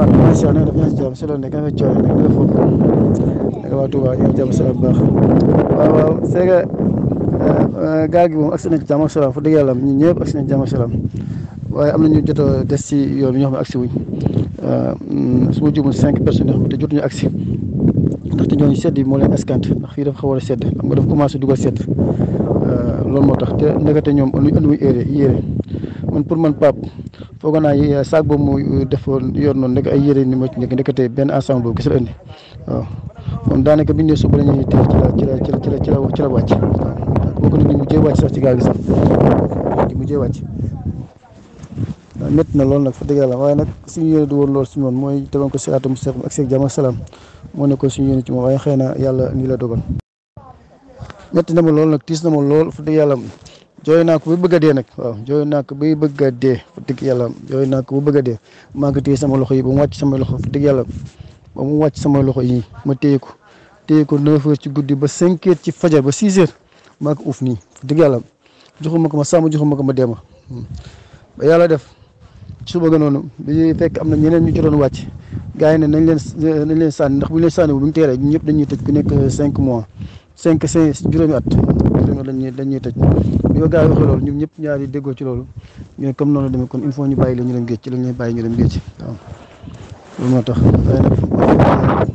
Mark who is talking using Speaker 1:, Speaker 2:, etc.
Speaker 1: Touba macha allah dafa nekk jàmm si loolu nekk nga xam si bu baax waaw gi moom agsi nañ ci jàmm ak salaam ñëpp agsi nañ ci jàmm am na ñu jot a des yoon bi ñoo xam ne agsi wuñ su ma jublu cinq personnes yoo xam ne sedd yi moo leen eskant ndax fii dafa xaw a sedd xam nga dafa commencé dugal sedd loolu moo tax te ndekete ñoom lu ñu ëndi yére yére man pour man Pape foog naa euh, saag boobu mu euh, defoon yoon noonu rek ay yére ni ma ci nekk ndeketee benn ensemble boobu kese la indi waaw moom daanaka bi ñu nee suba la ñuy teel ci la ci la ci la ci la ci la wàcc waaw boo ko na loolu nag nag suñu yéene du woon loolu suñu mooy tegoon ko si atum seex ak seeg jàmm moo nekkoon suñu yéene ci moom waaye xëy na yàlla nii la dogal. na ma lool nag tiis na ma lool fa dëgg yàlla jooy naa ko ba bëgg dee nag waaw jooy naa ko bay bëgg a dee fa dëgg yàlla jooy naa ko ba bëgg dee maa ngi téye sama loxo yi ba mu wàcc sama loxo fa yàlla ba mu wàcc sama loxo yi ma téye ko téye ko neuf ci guddi ba cinq ci fajar ba six heures maa ko uuf nii fa dëgg yàlla joxuma ko ma sàmm joxuma ko ma deema hmm. ba yàlla def suba ga noonu bi fekk am na ñeneen ñu ci doon wàcc gars yi ne nañ leen nañ leen sànni ndax bu ñu leen sànni bu ñu teeree ñëpp dañuy tëj ku nekk cinq mois cinq cinq juróomi at juróomi at dañuy bi ma gars yi waxee loolu ñun ñëpp ñaari déggoo ci loolu ñooy comme noonu la demee kon il faut ñu bàyyi leen ñu dem géej ci lañ bàyyi ñu dem géej waaw loolu moo tax